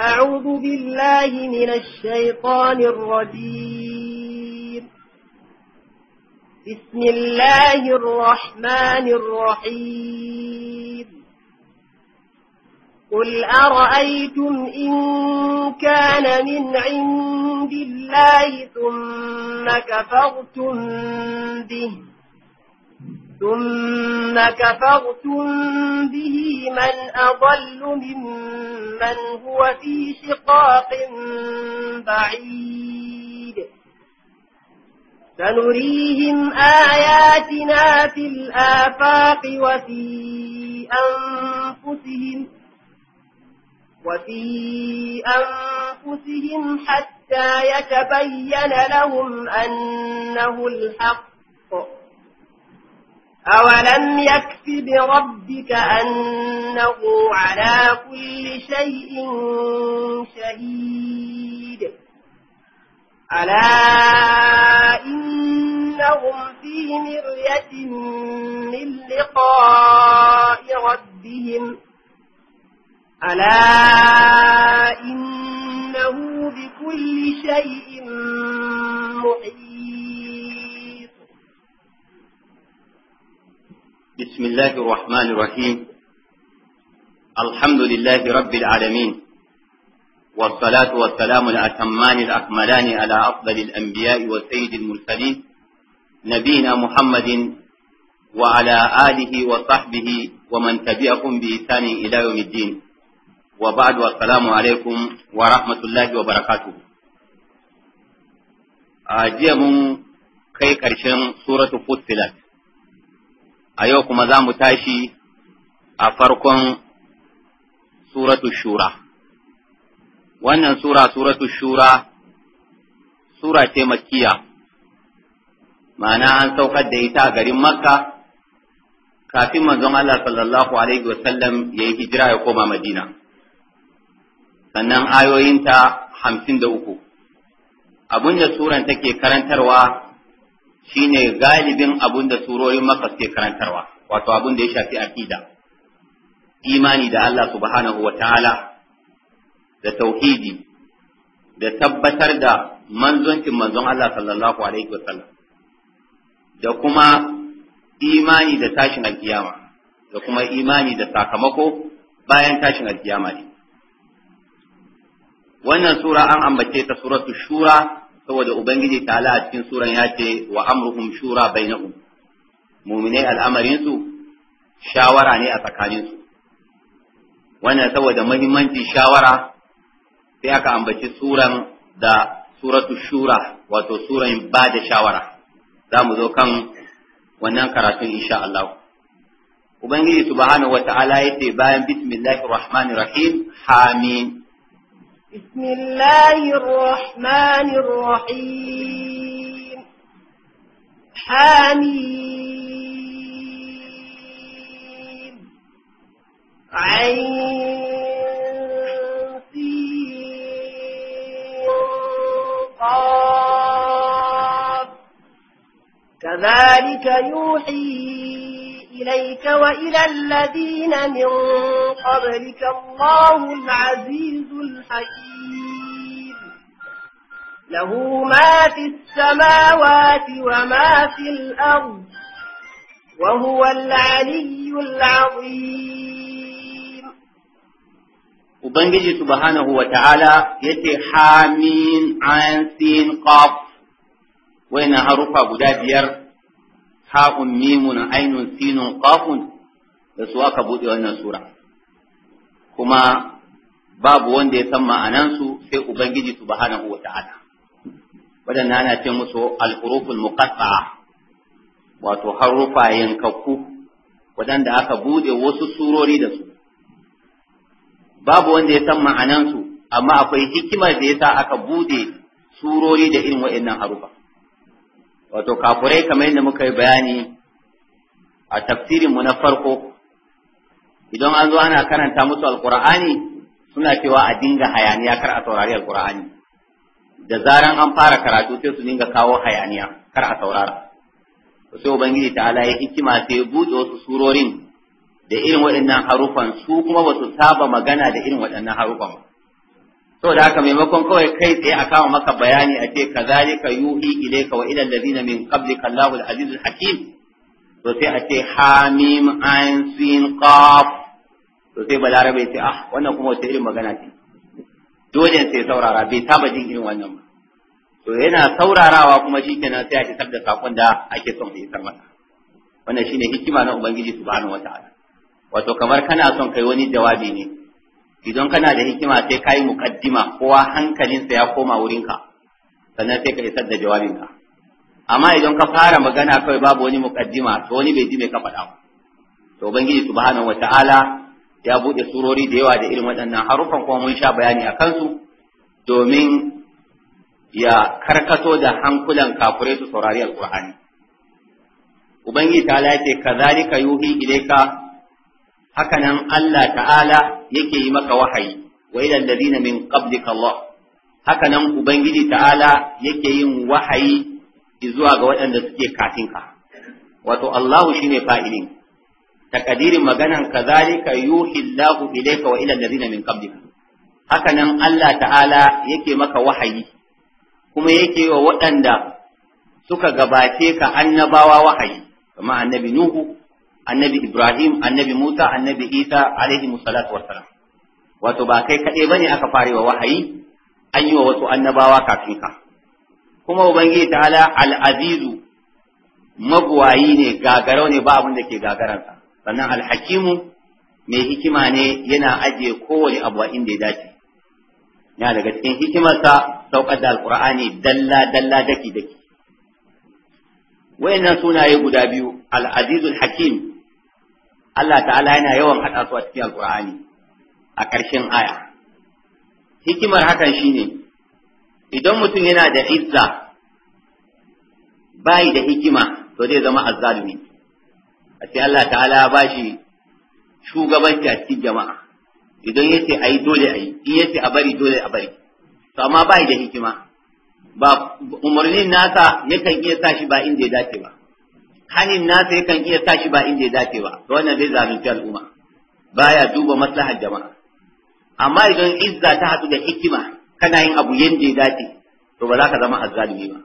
أعوذ بالله من الشيطان الرجيم بسم الله الرحمن الرحيم قل أرأيتم إن كان من عند الله ثم كفرتم به ثم كفرتم به من أضل ممن هو في شقاق بعيد سنريهم آياتنا في الآفاق وفي أنفسهم وفي أنفسهم حتى يتبين لهم أنه الحق أولم يكف بربك أنه على كل شيء شهيد ألا إنهم في مرية من لقاء ربهم ألا إنه بكل شيء محيط بسم الله الرحمن الرحيم الحمد لله رب العالمين والصلاة والسلام الأتمان الأكملان على أفضل الأنبياء وسيد المرسلين نبينا محمد وعلى آله وصحبه ومن تبعهم بإحسان إلى يوم الدين وبعد والسلام عليكم ورحمة الله وبركاته أجيب آه، كي كرشن سورة فصلت a yau kuma za mu tashi a farkon suratu shura. Wannan sura suratu shura, sura ce makiya, ma'ana an saukar da ita a garin Makka, kafin manzon Allah sallallahu Alaihi wasallam ya yi hijira ya koma Madina. Sannan ayoyinta hamsin da uku. Abin da suran take karantarwa shine galibin abun da surorin maka suke karantarwa wato abun da ya shafi aqida imani da Allah subhanahu wa ta'ala da tauhidi da tabbatar da manzoncin manzon Allah sallallahu alaihi wasallam da kuma imani da tashin alkiyama da kuma imani da sakamako bayan tashin alkiyama ne wannan sura an ambace ta suratul shura saboda ubangiji ta'ala a cikin suran ya ce wa amruhum shura bainahum mu'minai al'amarin su shawara ne a tsakanin su wannan saboda muhimmancin shawara sai aka ambaci suran da suratu shura wato suran ba da shawara za mu zo kan wannan karatun insha Allah ubangiji subhanahu wata'ala yace bayan bismillahir rahmanir rahim amin. بسم الله الرحمن الرحيم حميم عين قاب كذلك يوحي إليك وإلى الذين من قبلك الله العزيز حكيم له ما في السماوات وما في الأرض وهو العلي العظيم وبنجي سبحانه وتعالى يتي حامين عين سين قاف وين حروفا غدا بيار حاء ميم عين سين قاف da su aka buɗe wannan sura kuma babu wanda ya san ma'anansu sai ubangiji subhanahu wa ta'ala wadannan ana ce musu al-huruful muqatta'a wato harufa yankakku wadanda aka bude wasu surori da su babu wanda ya san ma'anansu amma akwai hikimar da yasa aka bude surori da irin wa'annan harufa wato kafurai kamar yadda muka yi bayani a tafsirinmu na farko idan an zo ana karanta musu alkur'ani suna cewa a dinga hayaniya kar a saurari alqur'ani da zaran an fara karatu sai su dinga kawo hayaniya kar a saurara sai ubangiji ta'ala ya hikima sai ya buɗe wasu surorin da irin waɗannan harufan su kuma ba su saba magana da irin waɗannan harufan ba saboda haka maimakon kawai kai tsaye a kama maka bayani a ce kazalika yuhi ilayka wa ila ladina min qablika Allahu al-aziz al-hakim to sai a ce hamim ain sin qaf to sai balarabe sai ah wannan kuma wata irin magana ce dole sai saurara bai saba jin irin wannan ba to yana saurarawa kuma shikenan sai a isar da sakon da ake son ya isar masa wannan shine hikima na ubangiji subhanahu wataala wato kamar kana son kai wani jawabi ne idan kana da hikima sai kai mukaddima kowa hankalinsa ya koma wurinka sannan sai ka isar da jawabinka amma idan ka fara magana kawai babu wani mukaddima to wani bai ji mai ka faɗa ba to ubangiji subhanahu wataala ya buɗe surori da yawa da irin waɗannan harufan kuma mun sha bayani a kansu domin ya karkato da hankulan kakuretu su saurari alƙur'ani ubangiji ta yake kazalika yuhi ilaika hakanan Allah ta'ala yake yi maka wahayi wa ila alladhina min qablika Allah hakanan ubangiji ta'ala yake yin wahayi zuwa ga waɗanda suke kafinka wato allahu shine fa'ilin takadirin maganan kazalika yuhi Allahu ilayka wa ila allazina min qablik haka nan Allah ta'ala yake maka wahayi kuma yake wa waɗanda suka gabace ka annabawa wahayi kamar annabi Nuhu annabi Ibrahim annabi Musa annabi Isa alaihi musallatu wassalam wato ba kai kaɗai bane aka farewa wahayi an yi wa wasu annabawa kafin ka kuma ubangiji ta'ala al-azizu magwayi ne gagarau ne ba abin da ke gagaransa sannan alhakimu mai hikima ne yana ajiye kowane abu a inda ya dace ya daga cikin hikimarsa saukar da alkur'ani dalla dalla daki daki wayannan sunaye guda biyu al-azizul hakim Allah ta'ala yana yawan hada su a cikin alkur'ani a ƙarshen aya hikimar hakan shine idan mutum yana da izza bai da hikima to zai zama azzalumi a sai Allah ta'ala ba shi shugabanci a cikin jama'a idan ya ce a yi dole a yi in ya ce a bari dole a bari to amma ba da hikima ba umarnin nasa yakan iya sa shi ba inda ya dace ba hanin nasa yakan iya sa shi ba inda ya dace ba to wannan zai zalunci al'umma baya duba maslahar jama'a amma idan izza ta hadu da hikima kana yin abu yanda ya dace to ba za ka zama azzalimi ba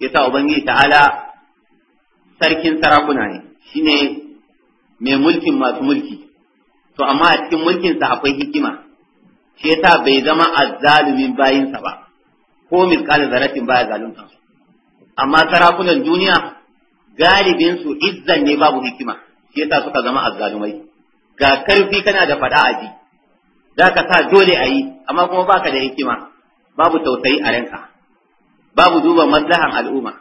yasa ubangiji ta'ala sarkin sarakuna ne shine mai mulkin masu mulki to amma a cikin mulkinsa akwai hikima shi yasa bai zama azzalumin bayinsa ba ko misqal zaratin baya zalunta amma sarakunan duniya galibin su izzan ne babu hikima shi yasa suka zama azzalumai ga karfi kana da fada a ji zaka sa dole a yi amma kuma baka da hikima babu tausayi a ranka babu duba maslahan al'umma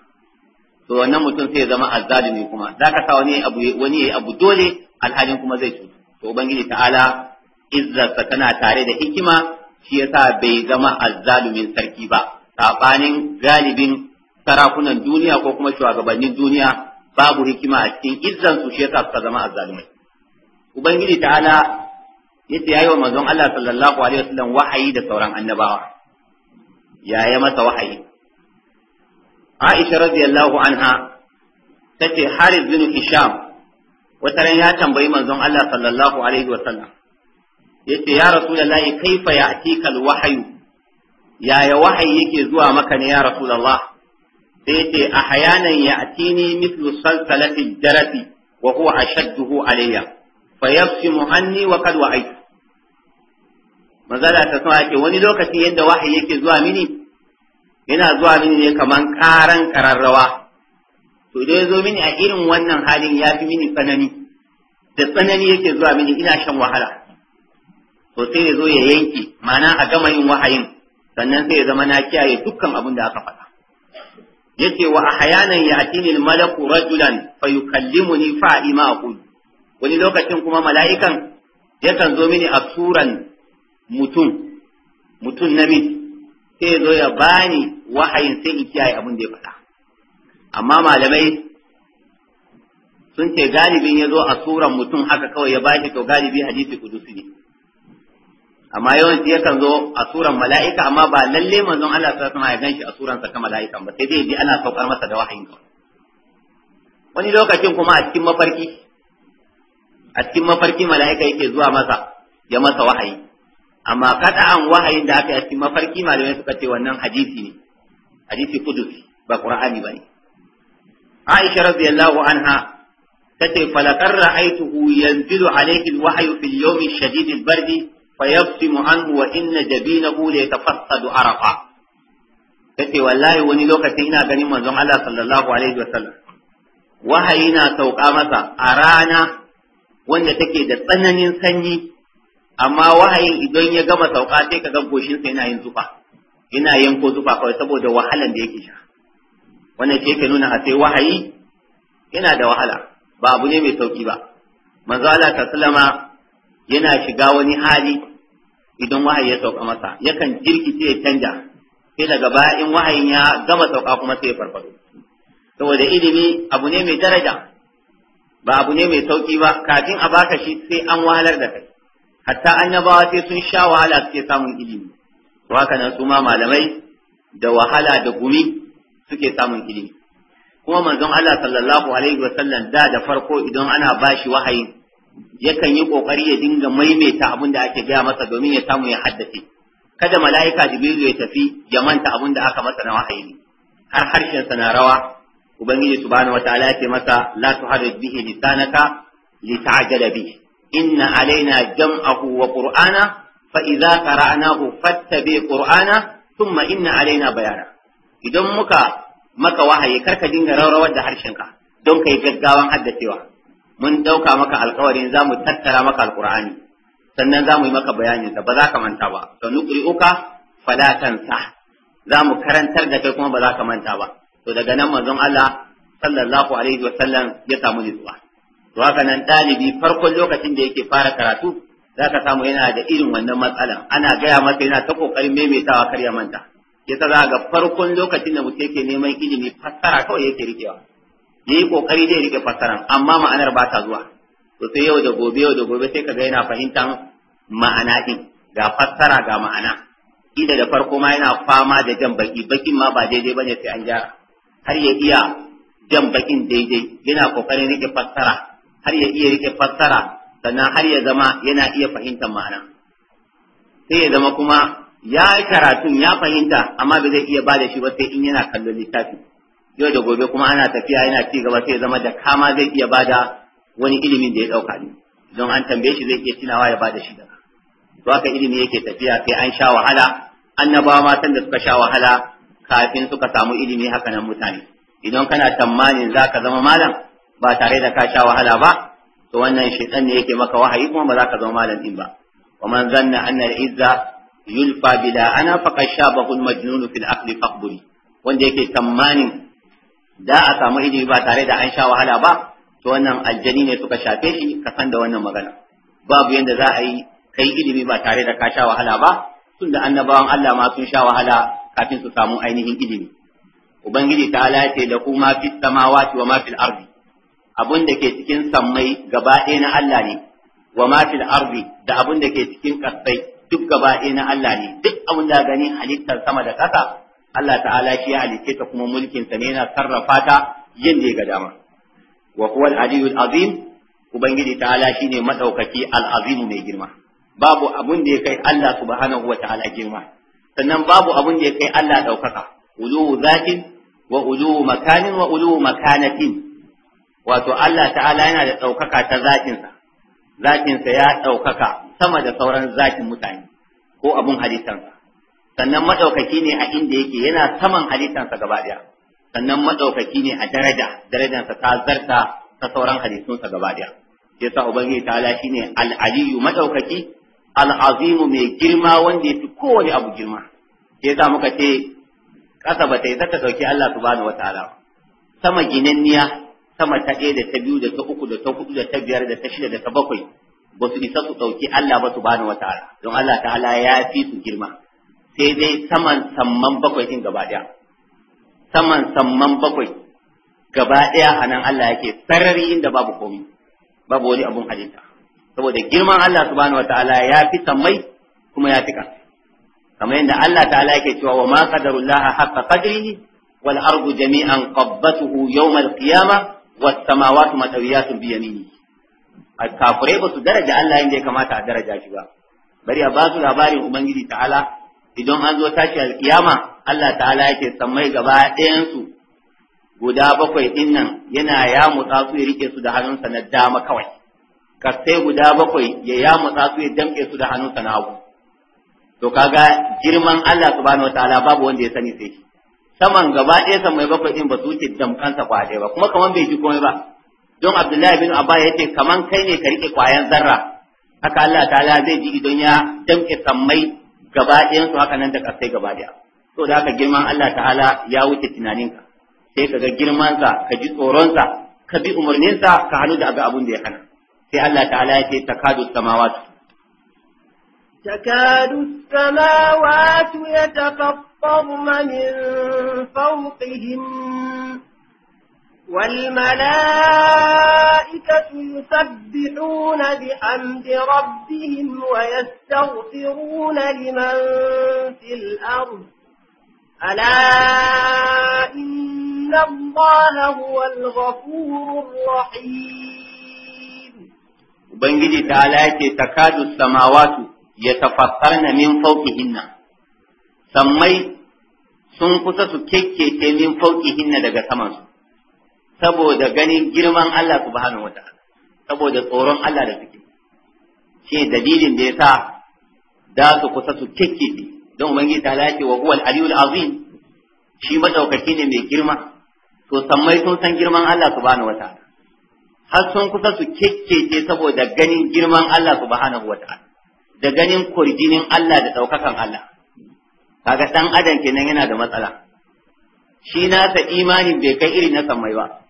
to wannan mutum sai ya zama azzalimi kuma ka sa wani abu wani abu dole alhalin kuma zai cutu to ubangiji ta'ala izzarsa tana tare da hikima shi yasa bai zama azzalumin sarki ba sabanin galibin sarakunan duniya ko kuma shugabannin duniya babu hikima a cikin izzansu shi yasa suka zama azzalumai ubangiji ta'ala yace yayi wa manzon Allah sallallahu alaihi wasallam wahayi da sauran annabawa yaya masa wahayi Aisha radiyallahu anha tace Harith bin Hisham wataran ya tambayi manzon Allah sallallahu alaihi wa sallam yace ya Rasulullahi kaifa ya'tika al-wahyu yaya wahayi yake zuwa maka ne ya Rasulullah sai yace ahyanan ya'tini mithlu salsalati jarafi wa huwa ashadduhu alayya fayafsimu anni wa qad wa'aytu manzala ta sama yake wani lokaci yadda wahayi yake zuwa mini yana zuwa mini ne kaman karan kararrawa to dai zo mini a irin wannan halin ya fi mini tsanani da tsanani yake zuwa mini ina shan wahala to sai ya zo ya yanke mana a gama yin wahayin sannan sai ya zama na kiyaye dukkan abin da aka faɗa yace wa ahyanan ya atini malaku rajulan fayukallimuni fa ima aqul wani lokacin kuma mala'ikan yakan zo mini a suran mutum mutum namiji sai zo ya bani wahayin sai in kiyaye abin da ya faɗa amma malamai sun ce galibin ya zo a suran mutum haka kawai ya bashi to galibi hadisi kudusi ne amma yawanci yakan zo a suran mala'ika amma ba lalle manzon Allah ta sama ya ganshi a suran sa ka mala'ika ba sai dai ji ana saukar masa da wahayin kawai wani lokacin kuma a cikin mafarki a cikin mafarki mala'ika yake zuwa masa ya masa wahayi amma an wahayin da aka yi mafarki malamai suka ce wannan hadisi ne hadisi kudusi ba qur'ani bane aisha radiyallahu anha tace falakar ra'aytuhu yanzilu alayhi alwahyu fil yawm ash-shadid al-bardi fayabsimu anhu wa inna jabinahu la yatafassadu araqa tace wallahi wani lokacin ina ganin manzon Allah sallallahu alaihi wasallam wahayi na sauka masa a rana wanda take da tsananin sanyi amma wahayin idan ya gama sauka sai ka ga goshinsa yana yin zufa yana yanko zufa kawai saboda wahalan da yake sha wannan ce ke nuna a sai wahayi yana da wahala ba abu ne mai sauki ba manzo Allah ta sallama yana shiga wani hali idan wahayi ya sauka masa yakan jirkice ya canja sai daga baya in wahayin ya gama sauka kuma sai ya farfado saboda ilimi abu ne mai daraja ba abu ne mai sauki ba kafin a baka shi sai an wahalar da kai hatta annabawa sai sun sha wahala suke samun ilimi to haka nan su ma malamai da wahala da gumi suke samun ilimi kuma manzon Allah sallallahu alaihi wa sallam da da farko idan ana bashi wahayi yakan yi kokari ya dinga maimaita abin da ake gaya masa domin ya samu ya haddace kada mala'ika jibril ya tafi ya manta abin da aka masa na wahayi har harshen sa na rawa ubangiji subhanahu wataala ya ce masa la tuharrik bihi lisanaka lita'jala bihi إن علينا جمعه وقرآنه فإذا قرأناه فاتبع قرآنه ثم إن علينا بيانه idan muka maka wahayi karka dinga rarrawar da harshenka don kai gaggawan haddacewa mun ɗauka maka alkawarin zamu tattara maka alqur'ani sannan zamu yi maka bayanin da ba za ka manta ba to nuqri'uka fala tansa zamu karantar da kai kuma ba za ka manta ba to daga nan manzon Allah sallallahu alaihi wasallam ya samu nutsuwa to haka nan ɗalibi farkon lokacin da yake fara karatu za ka samu yana da irin wannan matsalan ana gaya masa yana ta ƙoƙarin maimaitawa kar ya manta yasa za ga farkon lokacin da mutum yake neman ilimi fassara kawai yake rikewa yayi ƙoƙari zai rike fassaran amma ma'anar ba ta zuwa to sai yau da gobe yau da gobe sai ka ga yana fahimtar ma'ana din ga fassara ga ma'ana ida da farko ma yana fama da jan baki bakin ma ba daidai bane sai an gyara har ya iya jan bakin daidai yana ƙoƙarin rike fassara har ya iya rike fassara sannan har ya zama yana iya fahimtar ma'ana sai ya zama kuma ya karatun ya fahimta amma ba zai iya bada shi ba sai in yana kallon littafi yau da gobe kuma ana tafiya yana ci gaba sai ya zama da kama zai iya bada wani ilimin da ya dauka ne don an tambaye shi zai iya tunawa ya bada shi da to haka ilimi yake tafiya sai an sha wahala annabawa ma san da suka sha wahala kafin suka samu ilimi haka nan mutane idan kana tsammanin zaka zama malam ba tare da ka sha wahala ba to wannan shaitan ne yake maka wahayi kuma ba za ka zama malam din ba wa man zanna anna al-izza yulfa bila ana faqad shabahu al-majnun fi aqli faqburi wanda yake tamanin da a samu ilimi ba tare da an sha wahala ba to wannan aljani ne suka shafe shi ka san da wannan magana babu yanda za a yi kai ilimi ba tare da ka sha wahala ba tunda annabawan Allah ma sun sha wahala kafin su samu ainihin ilimi ubangiji ta halaye da kuma fi samawati wa ma fil ardi abun da ke cikin sammai gaba ɗaya na Allah ne wa ma da abun da ke cikin kasai duk gaba na Allah ne duk abun da gani halittar sama da ƙasa Allah ta'ala shi ya halitte ta kuma mulkin sa ne yana sarrafa ta yin ya ga dama wa huwa al azim ubangiji ta'ala shine madaukaki al-azim mai girma babu abun da ya kai Allah subhanahu wa ta'ala girma sannan babu abun da ya kai Allah ɗaukaka uluwu zatin wa uluwu makanin wa uluwu makanatin wato Allah ta'ala yana da ɗaukaka ta zaƙinsa zaƙinsa ya ɗaukaka sama da sauran zaƙin mutane ko abun halittansa sannan maɗaukaki ne a inda yake yana saman halittansa gaba ɗaya sannan maɗaukaki ne a daraja darajansa ta zarta ta sauran halittunsa gaba ɗaya sai sa ubangiji ta'ala shine al Al'Aliyu maɗaukaki al mai girma wanda yafi kowane abu girma sai sa muka ce ƙasa ba ta yi zaka ɗauki Allah subhanahu wataala sama ginanniya sama ta ɗaya da ta biyu da ta uku da ta hudu da ta biyar da ta shida da ta bakwai ba su isa su ɗauki Allah ba su bani wata don Allah ta ta'ala ya fi su girma sai dai saman samman bakwai ɗin gaba ɗaya saman samman bakwai gaba ɗaya a nan Allah yake sarari inda babu komi babu wani abun halitta saboda girman Allah subhanahu wataala ya fi sammai kuma ya fi ƙasa kamar yadda Allah ta'ala yake cewa wa ma qadarullah haqqa qadrihi wal ardu jami'an qabbatuhu yawm al qiyamah والسماوات متويات بيمينه kafirai ba su daraja Allah inda ya kamata a daraja shi ba bari a basu su labarin ubangiji ta'ala idan an zo tashi alkiyama Allah ta'ala yake sammai gaba ɗayan su guda bakwai din nan yana ya mutsa su ya rike su da hannunsa na dama kawai kasai guda bakwai ya ya mutsa su ya damke su da hannunsa na hagu to kaga girman Allah subhanahu wataala babu wanda ya sani sai saman gaba ɗaya san mai bakwai ɗin ba su wuce damkansa kwaje ba kuma kaman bai ji komai ba don abdullahi bin abba ya ce kaman kai ne ka riƙe kwayan zarra haka allah ta'ala zai ji idan ya damƙe sammai gaba ɗayansu haka nan da ƙasai gaba ɗaya to da haka girman allah ta'ala ya wuce tunaninka sai ka ga girmansa ka ji tsoronsa ka bi umarninsa ka hannu da abin da ya hana sai allah ta'ala ya ce ta takadu samawatu تكاد السماوات يتفطر يسطرن من فوقهم والملائكة يسبحون بحمد ربهم ويستغفرون لمن في الأرض ألا إن الله هو الغفور الرحيم بنجد تعالى تكاد السماوات يتفطرن من فوقهن sammai sun kusa su kekkece min hinna daga samansu saboda ganin girman Allah subhanahu wata'ala saboda tsoron Allah da suke shi dalilin da yasa da su kusa su kekkece don ubangiji ta halaye wa huwal aliyul azim shi madaukaki ne mai girma to sammai sun san girman Allah subhanahu wata'ala har sun kusa su kekkece saboda ganin girman Allah subhanahu wata'ala da ganin kurjinin Allah da daukakan Allah kaga dan adam kenan yana da matsala shi nasa imanin bai kai irin na sammai ba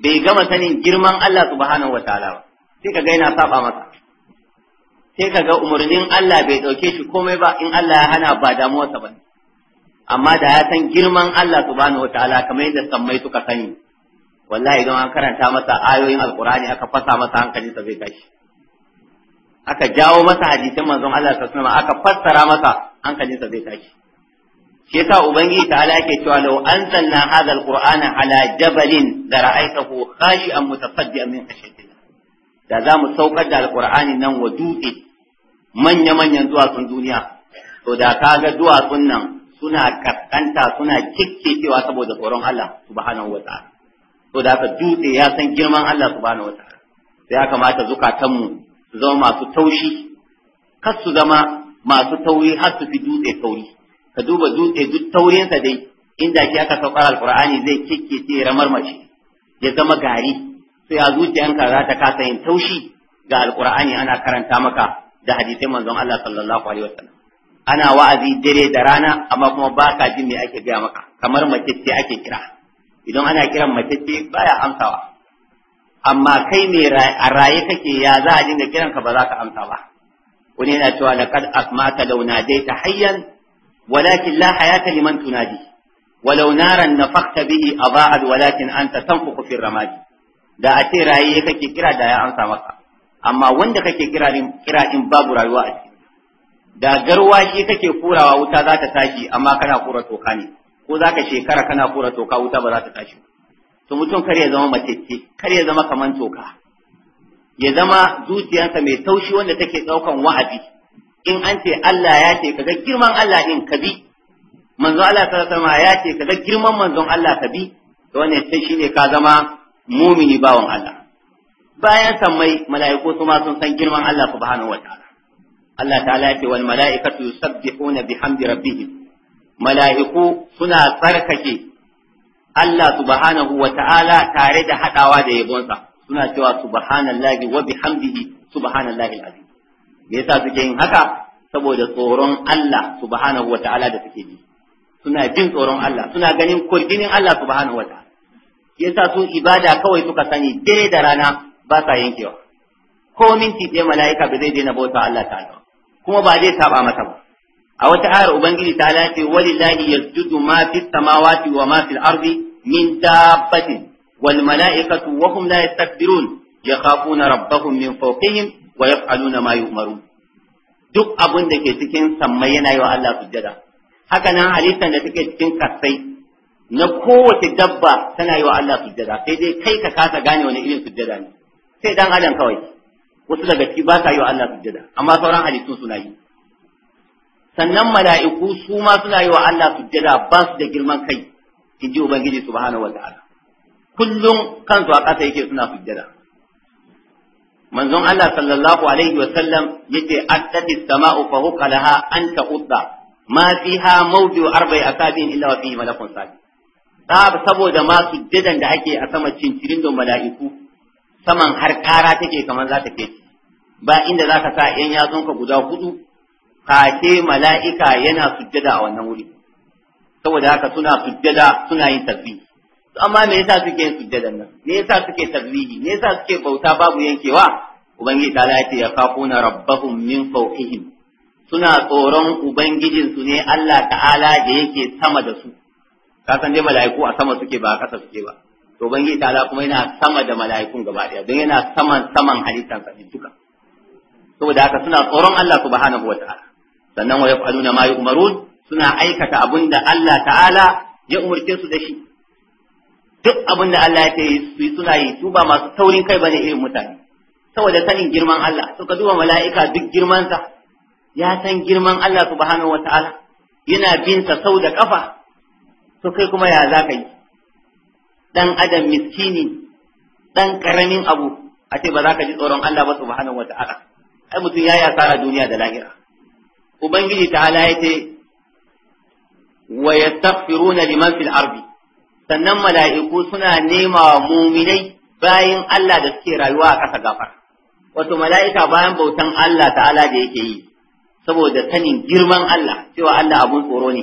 bai gama sanin girman Allah subhanahu wataala ba sai kaga yana saba masa sai kaga umarnin Allah bai dauke shi komai ba in Allah ya hana ba damuwarsa ba amma da ya san girman Allah subhanahu wataala kamar yadda sammai suka sani wallahi idan an karanta masa ayoyin alqur'ani aka fasa masa hankali hankalinsa zai tashi aka jawo masa hadisin manzon Allah sallallahu alaihi wasallam aka fassara masa hankalinsa zai tashi shi yasa ubangiji ta'ala ke cewa law anzalna hadha alqur'ana ala jabalin la ra'aytahu khashi'an mutasaddian min khashyatillah da za mu saukar da alqur'ani nan wa dutse manya manyan duwatsun duniya to da kaga duwatsun nan suna kaskanta suna kikkecewa saboda tsoron Allah subhanahu wata'ala to da ka dutse ya san girman Allah subhanahu wata'ala sai ya kamata zukatanmu su zama masu taushi kar su zama masu tauri har su fi dutse tauri ka duba dutse duk taurinsa dai inda ki aka saukar alqur'ani zai ramar ramarmashi ya zama gari sai a zuciyanka za ta kasa yin taushi ga alqur'ani ana karanta maka da hadisai manzon Allah sallallahu alaihi wasallam ana wa'azi dare da rana amma kuma ba ka jin me ake gaya maka kamar mace ce ake kira idan ana kiran mace ce baya amsawa amma kai mai a raye kake ya za a dinga kiranka ba za ka amsa ba wani yana cewa laqad akmata law nadaita hayyan walakin la hayata liman tunadi walau naran nafakta bihi adaa'at walakin anta tanfuqu fi ramadi da a ce rayi kake kira da ya amsa maka amma wanda kake kira din kira din babu rayuwa a ciki da garwashi kake kurawa wuta za ta tashi amma kana kura toka ne ko za ka shekara kana kura toka wuta ba za ta tashi to mutum kar ya zama matacce kar ya zama kaman toka ya zama zuciyarsa mai taushi wanda take ɗaukan wa'adi in an ce Allah ya ce ga girman Allah in ka bi manzon Allah sallallahu alaihi wasallam ya ce ka ga girman manzon Allah ka bi to wannan sai shine ka zama mumini bawan Allah bayan samai, mala'iku su ma sun san girman Allah subhanahu wataala Allah ta'ala ya ce wal mala'ikatu yusabbihuna bihamdi rabbihim mala'iku suna tsarkake Allah subhanahu wataala tare da hadawa da yabonsa suna cewa subhanallahi wa bihamdihi subhanallahi alazim me yasa suke yin haka saboda tsoron Allah subhanahu wa ta'ala da suke ji suna jin tsoron Allah suna ganin kurjinin Allah subhanahu wa ta'ala yasa su ibada kawai suka sani dare da rana ba sa yankewa ko minti ɗaya mala'ika ba zai daina bauta Allah ta'ala kuma ba zai saba masa ba a wata ayar ubangiji ta ce walillahi yasjudu ma fis samawati wa ma fil ardi min dabbatin wal mala'ikatu wa hum la yastakbirun yakhafuna rabbahum min fawqihim wa yaf'aluna ma yu'marun duk abin da ke cikin sammai yana yi wa Allah sujjada haka nan halittar da take cikin kasai na kowace dabba tana yi wa Allah sujjada sai dai kai ka kasa gane wani irin sujjada ne sai dan adam kawai wasu daga ciki ba sa yi wa Allah sujjada amma sauran halittun suna yi sannan mala'iku su ma suna yi wa Allah sujjada ba su da girman kai in ji ubangiji subhanahu wataala kullum kansu a ƙasa yake suna sujjada manzon Allah sallallahu alaihi wa sallam yace attati sama'u fa huqa laha an ta'udda ma fiha mawdi'u arba'i asabin illa wa fihi malakun sabi saboda ma sujjadan da ake a sama cincirin don mala'iku saman har ƙara take kamar za ta ke ba inda za ka sa ‘yan ka guda hudu kake mala'ika yana sujjada a wannan wuri, saboda haka suna sujjada suna yin tasbih amma me yasa suke yin sujjada nan me yasa suke tasbihi me yasa suke bauta babu yankewa ubangiji ta ya ya kafuna rabbahum min fawqihim suna tsoron ubangijin su ne Allah ta'ala da yake sama da su ka san dai mala'iku a sama suke ba a ƙasa suke ba to ubangiji ta'ala kuma yana sama da mala'ikun gaba daya don yana saman saman halittar sa duka saboda haka suna tsoron Allah subhanahu wataala sannan wa yaf'aluna ma yu'marun suna aikata abinda Allah ta'ala ya umurce su da shi duk abin da Allah ya ce su yi suna yi su ba masu taurin kai bane irin mutane saboda sanin girman Allah to duba mala'ika duk girmansa ya san girman Allah subhanahu wataala yana bin sa sau da kafa to kai kuma ya za ka yi dan adam miskini dan karamin abu a ce ba za ka ji tsoron Allah ba subhanahu wataala ai mutum ya yi duniya da lahira ubangiji ta'ala ya ce wa yastaghfiruna liman fil ardi sannan mala'iku suna nema muminai bayan Allah da suke rayuwa a ƙasa gafar wato mala'ika bayan bautan Allah ta'ala da yake yi saboda sanin girman Allah cewa Allah abun tsoro ne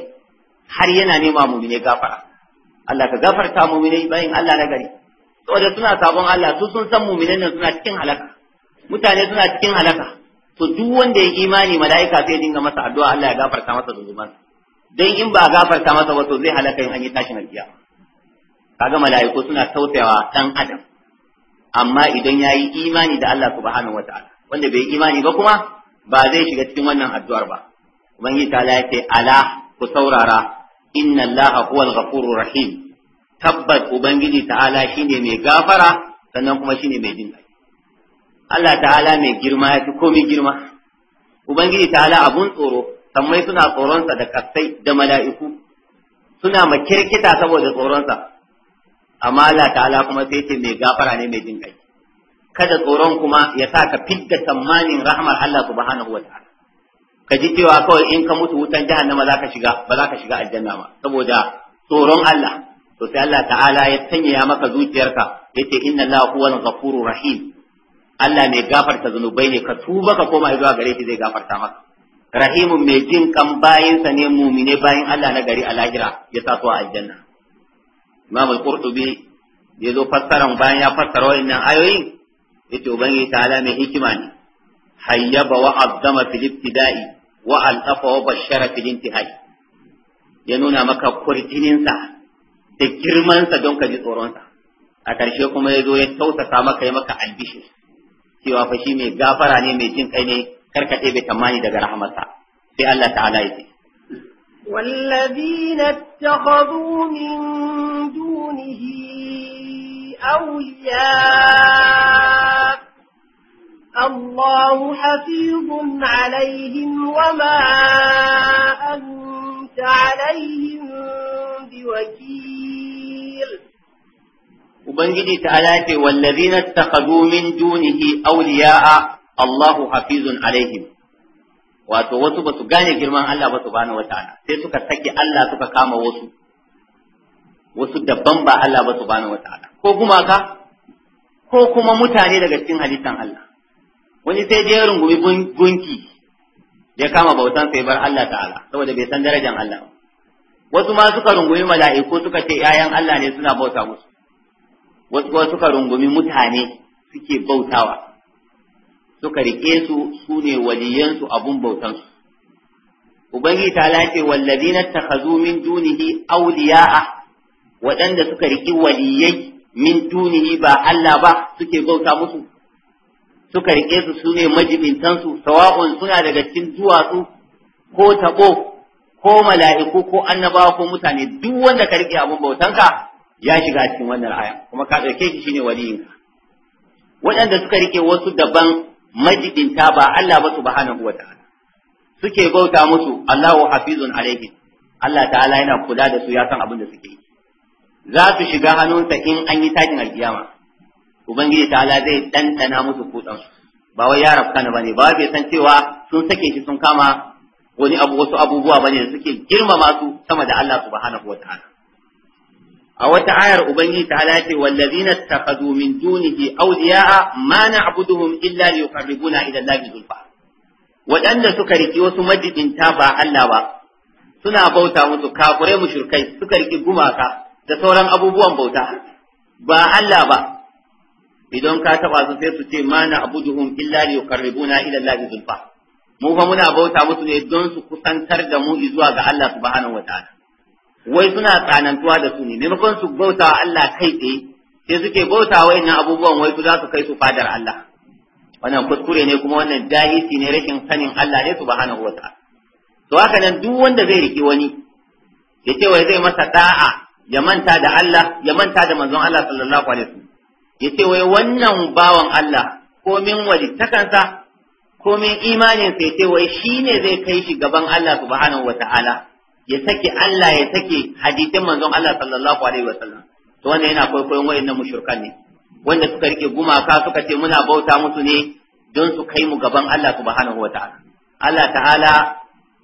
har yana nema muminai gafara Allah ka gafarta muminai bayan Allah na gari saboda suna sabon Allah su sun san muminan nan suna cikin halaka mutane suna cikin halaka to duk wanda ya imani mala'ika sai dinga masa addu'a Allah ya gafarta masa zunubansa dan in ba a gafarta masa ba to zai halaka in an yi tashin alkiyama kaga mala'iku suna tausayawa dan adam amma idan yayi imani da Allah subhanahu wataala wanda bai imani ba kuma ba zai shiga cikin wannan addu'ar ba ubangiji ta ce ala ku saurara inna Allah huwal ghafurur rahim tabbat ubangiji ta'ala shine mai gafara sannan kuma shine mai jin Allah ta'ala mai girma ya fi komai girma ubangiji ta'ala abun tsoro sammai suna tsoronsa da kasai da mala'iku suna makirkita saboda tsoronsa amma Allah ta'ala kuma sai ce mai gafara ne mai jin kai kada tsoron kuma ya sa ka fidda tsammanin rahmar Allah subhanahu wa ta'ala ka ji cewa kawai in ka mutu wutan jahannama za ka shiga ba za ka shiga aljanna ba saboda tsoron Allah to sai Allah ta'ala ya sanya maka zuciyarka yace inna Allah huwal ghafurur rahim Allah mai gafarta zunubai ne ka tuba ka koma zuwa gare shi zai gafarta maka rahimun mai jin kan bayinsa ne mumine bayin Allah na gari a lahira ya sa su a aljanna imam al-qurtubi ya zo fassaran bayan ya fassara wa'annan ayoyin yace ubangiji ta'ala mai hikima ne hayyaba wa azzama fil ibtida'i wa afa wa bashara fil intihai ya nuna maka kurjininsa da girmansa don ka ji tsoronsa a ƙarshe kuma ya zo ya tausasa maka ya maka albishir cewa fa shi mai gafara ne mai jin kai ne karkace bai tamani daga rahmarsa sai Allah ta'ala ya ce والذين اتخذوا من دونه أولياء الله حفيظ عليهم وما أنت عليهم بوكيل وبنجد تعالى والذين اتخذوا من دونه أولياء الله حفيظ عليهم wato wasu ba su gane girman Allah ba su wata ana sai suka saki Allah suka kama wasu wasu dabban ba Allah ba wata ana ko kuma ka, ko kuma mutane daga cikin halittan Allah wani sai je rungumi gunki ya kama bautan sai bar Allah ta'ala saboda bai san darajar Allah ba wasu ma suka rungumi mala'iku suka ce ‘ya'yan Allah ne suna bauta musu, wasu kuma suka rungumi mutane suke bautawa, suka rike su su ne waliyansu abun bautansu ubangiji ta lace na takhazu min dunihi awliya'a waɗanda suka riki waliyai min dunihi ba Allah ba suke bauta musu suka rike su su ne majibintansu sawa'un suna daga cikin duwatsu ko taɓo ko mala'iku ko annabawa ko mutane duk wanda ka rike abun bautanka ya shiga cikin wannan aya kuma ka ɗauke shi shine waliyinka waɗanda suka rike wasu daban majibinta ba Allah ba subhanahu wa ta'ala suke bauta musu Allahu hafizun alaihi Allah ta'ala yana kula da su ya san abin da suke za su shiga hannunsa in an yi tajin alkiyama ubangiji ta'ala zai dandana musu kutsan ba wai ya rafka ne bane ba bai san cewa sun sake shi sun kama wani abu wasu abubuwa bane da suke girmama su sama da Allah subhanahu wa ta'ala a wata ayar ubangiji ta halate wallazina takhadhu min dunihi awliya'a ma na'buduhum illa liyuqarribuna ila allahi zulfa waɗanda suka riki wasu majibinta ba Allah ba suna bauta musu kafurai mushrikai suka riki gumaka da sauran abubuwan bauta ba Allah ba idan ka taba su sai su ce ma na'buduhum illa liyuqarribuna ila allahi zulfa mu fa muna bauta musu ne don su kusantar da mu zuwa ga Allah subhanahu wataala wai suna tsanantuwa da su ne maimakon su bauta wa Allah kai tsaye sai suke bauta wa innan abubuwan wai su za su kai su fadar Allah wannan kuskure ne kuma wannan dahisi ne rashin sanin Allah ne subhanahu wa ta'ala to haka nan duk wanda zai riki wani ya ce wai zai masa da'a ya manta da Allah ya manta da manzon Allah sallallahu alaihi wasallam ya ce wai wannan bawan Allah komin walittakansa komin imaninsa ya ce wai shine zai kai shi gaban Allah subhanahu wa ta'ala ya sake Allah ya sake hadisin manzon Allah sallallahu alaihi wasallam to wanda yana kwaikwayon wayannan mushrikan ne wanda suka rike gumaka suka ce muna bauta musu ne don su kai mu gaban Allah subhanahu wataala Allah ta'ala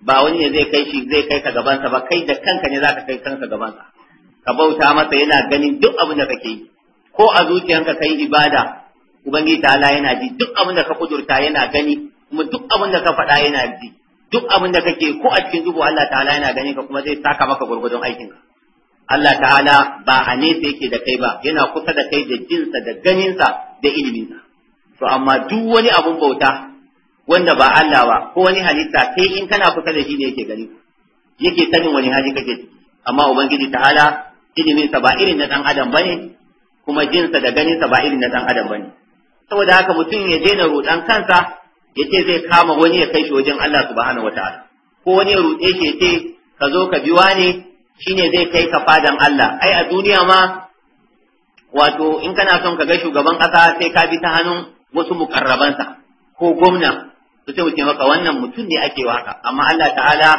ba wani ne zai kai shi zai kai ka gabansa ba kai da kanka ne zaka kai kanka gabansa ka bauta masa yana ganin duk abin da kake yi ko a zuciyanka kai ibada ubangiji ta'ala yana ji duk abin da ka kudurta yana gani kuma duk abin da ka faɗa yana ji duk abin da kake ko a cikin dubu Allah ta'ala yana gani ka kuma zai saka maka gurgudun aikin ka Allah ta'ala ba a nesa yake da kai ba yana kusa da kai da jinsa da ganinsa da iliminsa to amma duk wani abun bauta wanda ba Allah ba ko wani halitta sai in kana kusa da shi ne yake gani yake sanin wani hali kake amma ubangiji ta'ala iliminsa ba irin na dan adam bane kuma jinsa da ganinsa ba irin na dan adam bane saboda haka mutum ya daina rudan kansa yace zai kama wani ya kai shi wajen Allah subhanahu wataala ko wani ya ruɗe shi yace ka zo ka biwa ne shine zai kai ka fadan Allah ai a duniya ma wato in kana son ka ga shugaban kasa sai ka bi ta hannun wasu mukarrabansa ko gwamna su sai mutum maka wannan mutum ne ake waka amma Allah ta'ala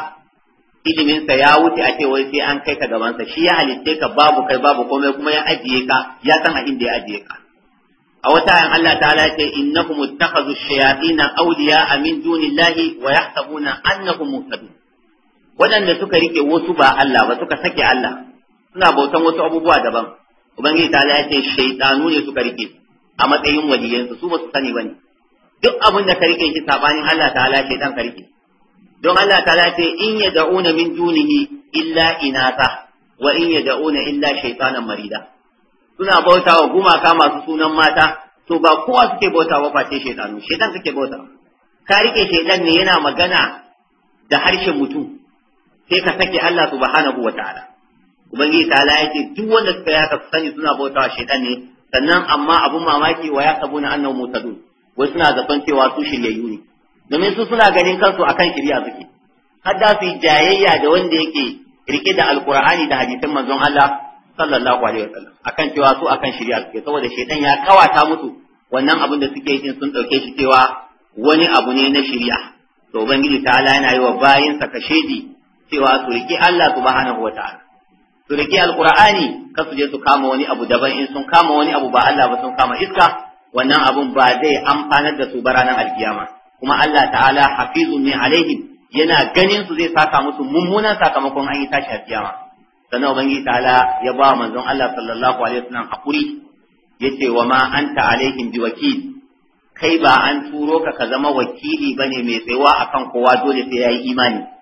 iliminsa ya wuce a wai sai an kai ka gabansa shi ya halitte ka babu kai babu komai kuma ya ajiye ka ya san a inda ya ajiye ka a wata ayan Allah ta'ala ya ce innahum ittakhadhu shayatin awliya min dunillahi wa yahsabuna annahum muhtadun waɗanda suka rike wasu ba Allah ba suka sake Allah suna bautan wasu abubuwa daban ubangiji ta ya ce shaytanu ne suka rike a matsayin waliyansu su ba su sani bane duk abin da ka rike shi sabanin Allah ta'ala shaytan ka rike don Allah ta'ala ce in yad'una min dunihi illa inasa wa in yad'una illa shaytanan marida suna bauta wa gumaka masu sunan mata to ba kowa suke bauta ba face shaitanu shaitan kake bauta ka rike shaitan ne yana magana da harshen mutum sai ka sake Allah subhanahu wa ta'ala ubangiji ta'ala yake duk wanda suka ya ka sani suna bauta wa ne sannan amma abun mamaki wa ya sabuna annahu mutadun wai suna zaton cewa su shiryayyu ne domin su suna ganin kansu akan shirya suke har da su jayayya da wanda yake rike da alkur'ani da hadisin manzon Allah sallallahu alaihi wasallam akan cewa su akan shari'a suke saboda shedan ya kawata musu wannan abin da suke yi sun dauke shi cewa wani abu ne na shari'a to ubangiji ta'ala yana yi wa bayin sa kashedi cewa su riki Allah subhanahu wataala su riki alqur'ani ka su je su kama wani abu daban in sun kama wani abu ba Allah ba sun kama iska wannan abun ba zai amfanar da su ba ranar alkiyama kuma Allah ta'ala hafizun ne alaihim yana ganin su zai saka musu mummunan sakamakon an yi tashi alkiyama sannan ubangiji ta'ala ya ba manzon Allah sallallahu alaihi wasallam hakuri yace wa ma anta alaihim biwakil kai ba an turo ka ka zama wakili bane mai tsaiwa akan kowa dole sai yayi imani